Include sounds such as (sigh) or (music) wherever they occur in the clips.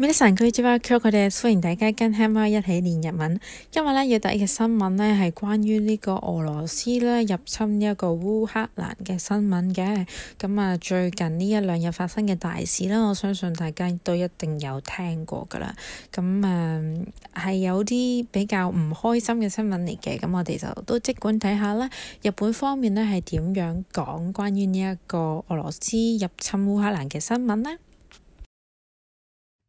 每日晨曲直播課，我哋歡迎大家跟 Emma 一起練日文。今日咧要睇嘅新聞咧係關於呢個俄羅斯咧入侵一個烏克蘭嘅新聞嘅。咁、嗯、啊，最近呢一兩日發生嘅大事啦，我相信大家都一定有聽過噶啦。咁誒係有啲比較唔開心嘅新聞嚟嘅。咁、嗯、我哋就都即管睇下咧，日本方面咧係點樣講關於呢一個俄羅斯入侵烏克蘭嘅新聞咧？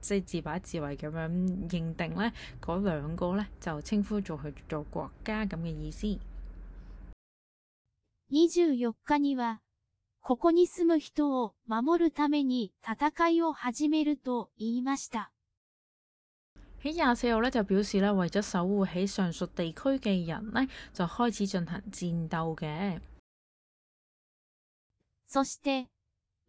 即自把自為咁樣認定咧，嗰兩個咧就稱呼做佢做國家咁嘅意思。喺廿四號咧就表示咧，為咗守護喺上述地區嘅人咧，就開始進行戰鬥嘅。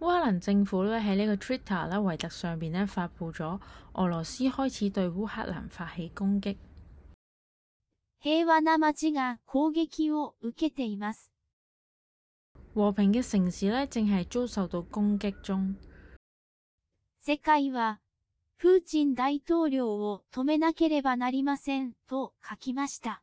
烏克蘭政府喺呢個 Twitter 維特上面發佈咗、俄羅斯開始對烏克蘭發起攻撃。平和な街が攻撃を受けています。和平嘅城市呢正係遭受到攻撃中。世界は、プーチン大統領を止めなければなりませんと書きました。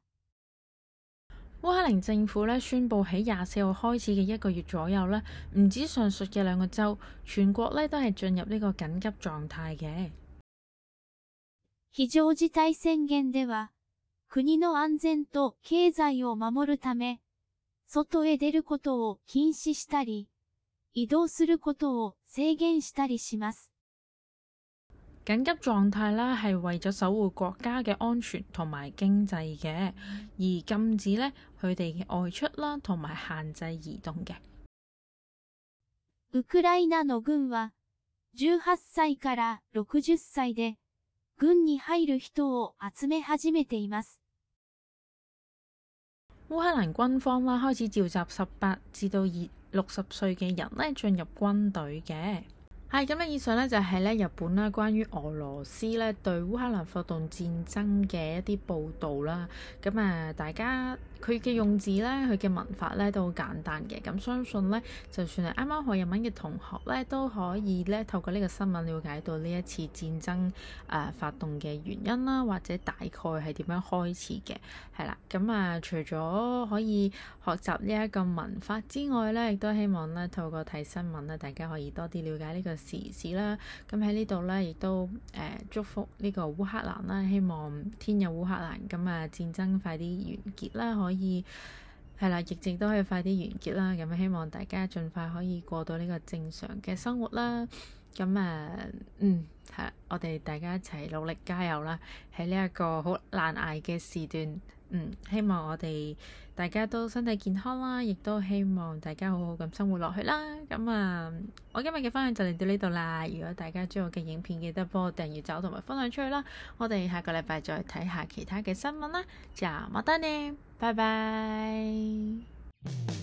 烏克蘭政府呢宣布喺廿四號開始嘅一個月左右呢，唔止上述嘅兩個州，全國呢都係進入呢個緊急狀態嘅。非常事態宣言では、國の安全と経済を守るため、外へ出ることを禁止したり、移動することを制限したりします。緊急狀態啦，係為咗守護國家嘅安全同埋經濟嘅，而禁止咧佢哋外出啦，同埋限制移動嘅。烏克蘭軍方啦，開始召集十八至到二六十歲嘅人咧，進入軍隊嘅。烏克蘭軍方啦，開始召集十八至到二六十歲嘅人咧，進入軍隊嘅。係咁以上咧就係咧日本啦，關於俄羅斯咧對烏克蘭發動戰爭嘅一啲報導啦。咁啊，大家，佢嘅用字咧，佢嘅文法咧都好簡單嘅。咁相信咧，就算係啱啱學日文嘅同學咧，都可以咧透過呢個新聞了解到呢一次戰爭誒、呃、發動嘅原因啦，或者大概係點樣開始嘅。係啦，咁啊，除咗可以學習呢一個文法之外咧，亦都希望咧透過睇新聞咧，大家可以多啲了解呢個時事啦。咁喺呢度咧，亦都誒、呃、祝福呢個烏克蘭啦，希望天佑烏克蘭，咁啊戰爭快啲完結啦，可。可以係啦，疫情都可以快啲完結啦。咁、嗯、希望大家盡快可以過到呢個正常嘅生活啦。咁啊，嗯，係我哋大家一齊努力加油啦！喺呢一個好難捱嘅時段。嗯，希望我哋大家都身體健康啦，亦都希望大家好好咁生活落去啦。咁啊，我今日嘅分享就嚟到呢度啦。如果大家中意我嘅影片，記得幫我訂閱走同埋分享出去啦。我哋下個禮拜再睇下其他嘅新聞啦。就冇得呢，拜拜。 (music)